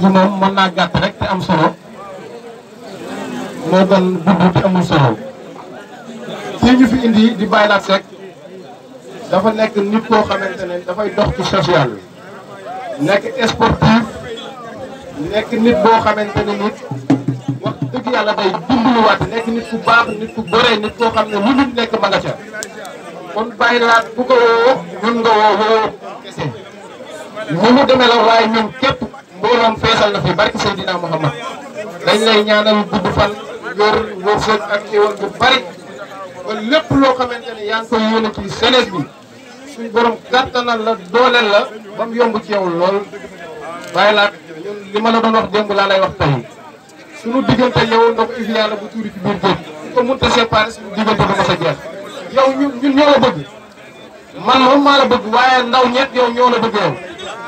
ji moom mën naa gàtt rek te am solo moo gën gudd te amul solo kii ñu fi indi di Baye Lat dafa nekk nit koo xamante ne dafay dox ci social nekk sportif nekk nit boo xamante ne nit wax dëgg yàlla day dimbaliwaat nekk nit ku baax nit ku goree nit koo xam ne lu nit nekk ma nga ca kon ko woo ñun nga woo woo mu demee la waaye ñun képp mbooram feexal na fi barki Seydina Muhammad dañ lay ñaanal gudd fan yor wërsëg ak xéwal bu bari ba lépp loo xamante ne yaa ngi koy yónni ci jeunesse bi suñ borom gàttanal la dooleel la ba yomb ci yow lool waaye laat ñun li ma la doon wax démb laa lay wax tey suñu diggante yow ndox Evian la bu tuuri ci biir géej su ko mënta séparé suñu diggante du ma sa jeex yow ñun ñun ñoo la bëgg man moom maa la bëgg waaye ndaw ñett yow ñoo la bëgg yow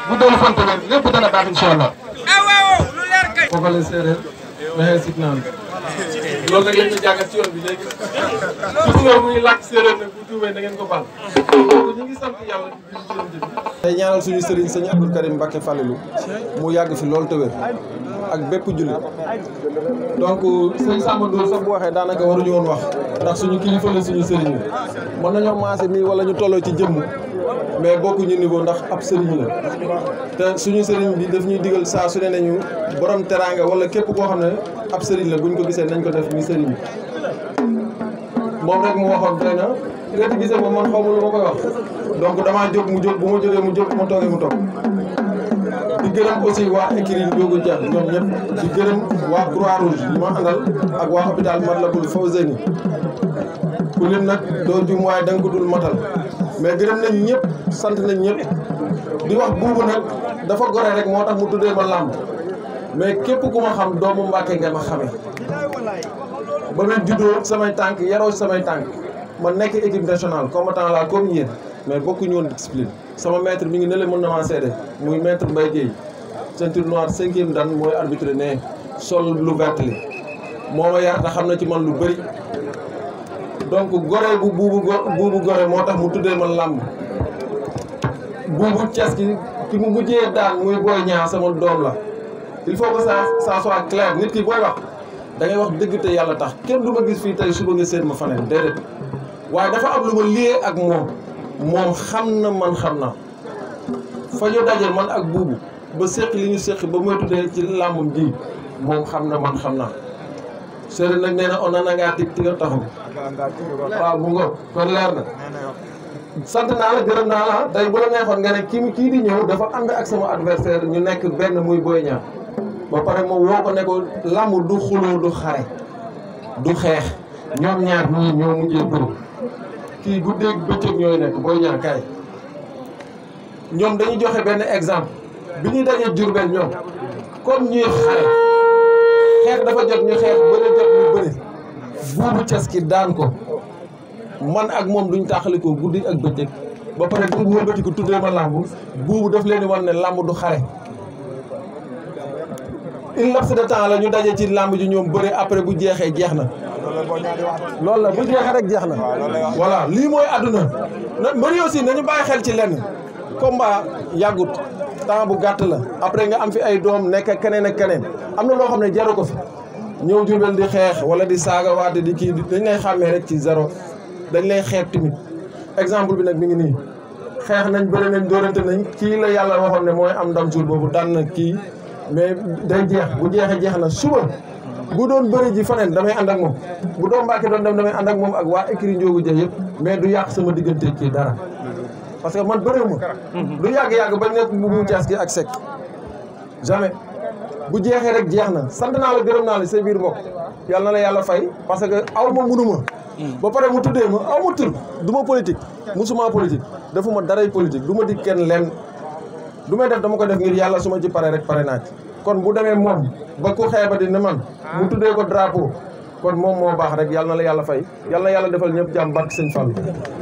bu doon fanta lépp dana baax incha allah. Ah, kooku la séeréer waxee sit naan loolu nag bi léegi gis nga muy làkk séeréer nag bu ngeen ko baal ñu ngi sant yàlla tey ñaanal suñu sëriñ sëñ Abdou Karim Mbacke Fallilou mu yàgg fi loolu te ak bépp jullit donc sëñ Samba Ndour sax bu waxee daanaka waruñu woon wax ndax suñu kilifa la suñu sëriñ bi mën nañoo maase mi wala ñu tolloo ci jëmm mais bokkuñu niveau ndax ab sëriñ la te suñu sëriñ bi daf ñuy digal saa su ne nañu borom teraanga wala képp koo xam ne ab sëriñ la buñ ko gisee nañ ko def ni sëriñ bi moom rek mu waxoon doy na nga ci gisee moom man xaw lu ma koy wax donc damaa jóg mu jóg bu ma jógee mu jóg bu ma toogee mu toog gërëm aussi waa écurie Ndiogou Dia ñoom ñëpp ci gërëm waa Croix Rouge yi ma àndal ak waa hôpital Matlaboul Fawzeyni ku lim nag doo jum waaye da ko dul matal mais gërëm nañ ñëpp sant nañ ñëpp di wax buubu nag dafa gore rek moo tax mu tuddee ma làmb mais képp ku ma xam doomu Mbàkke nga ma xamee ba ma juddoo samay tànk yaroo samay tànk ma nekk équipe nationale combattant laa comme yéen mais bokkuñu woon discipline sama maître mi ngi ne la mën na maa seede muy maître Mbaye Guèye ceinture noire cinquième dan mooy arbitre ne sol lu vert li moo ma yar xam na ci man lu bëri donc goreel bu buubu buubu gore moo tax mu tuddee ma làmb buubu Thiès ki ki mu mujjee daan muy booy ñaar sama doom la il faut que ça ça soit clair nit ki booy wax da wax dëgg yàlla tax kenn du ma gis fii tey suba nga seet ma faneen déedéet waaye dafa am lu ma lié ak moom moom xam na man xam na fajo ñu dajal man ak buubu ba séq li ñu séq ba moy tuddee ci làmbam ji moom xam na man xam na sëriñ nag nee na on nangaa tig a taxu waaw mu ngo kon leer na sant naa la gërëm naa la day bu la neexoon nga ne kii kii di ñëw dafa ànd ak sama adversaire ñu nekk benn muy Boy Niang ba pare moom woo ko ne ko lamb du xuloo du xare du xeex ñoom ñaar ñii ñoo mujjee bëri kii guddeeg bëccëg ñooy nekk Boy Niang kaay ñoom dañuy joxe benn exemple bi ñuy dajee Diourbel ñoom comme ñuy xare jot ñu xeex bëre jot ñu bëre buubu ces ki daan ko man ak moom duñ tàqalikoo guddi ak bëccëg ba pare buubu wëlbati ko tuddee ma làmb buubu daf leen di wan ne làmb du xare une laps de temps la ñu daje ci làmb ji ñoom bëre après bu jeexee jeex na loolu la bu jeexee rek jeex na voilà lii mooy àdduna mbëri aussi nañu bàyyi xel ci lenn combat yàggut temps bu gàtt la après nga am fi ay doom nekk keneen ak keneen am na loo xam ne jaru ko fi ñëw Diourbel di xeex wala di saaga waate di kii dañ lay xàmmee rek ci zéro dañ lay xeeb tamit exemple bi nag mi ngi nii xeex nañ bëri nañ dóorante nañ kii la yàlla waxoon ne mooy am ndam suur boobu daan na kii mais day jeex bu jeexee jeex na suba bu doon bëri ji faneen damay ànd ak moom bu doon Mbàkke doon dem damay ànd ak moom ak waa écrit Ndiogou Dieye yëpp mais du yàq sama diggante ci dara parce que man bëriwu ma mmh. du yàgg-yàgg bañ nekk bu mu caas gi ak sec jamais bu jeexee rek jeex na sant naa la gërëm naa la say biir mbokk yàlla na la yàlla fay parce que aw ma munu ma hmm. ba pare mu tuddee ma aw ma tur du ma politique musuma politique defu ma daray politique du ma dig kenn lenn du may def dama ko def ngir yàlla suma ma ci pare rek pare naa ci kon bu demee moom ba ku xeeba di ne man mu tuddee ko drapeau kon moom moo baax rek yàlla na la yàlla fay yàlla yàlla defal ñëpp jàmm seen sëñ Fall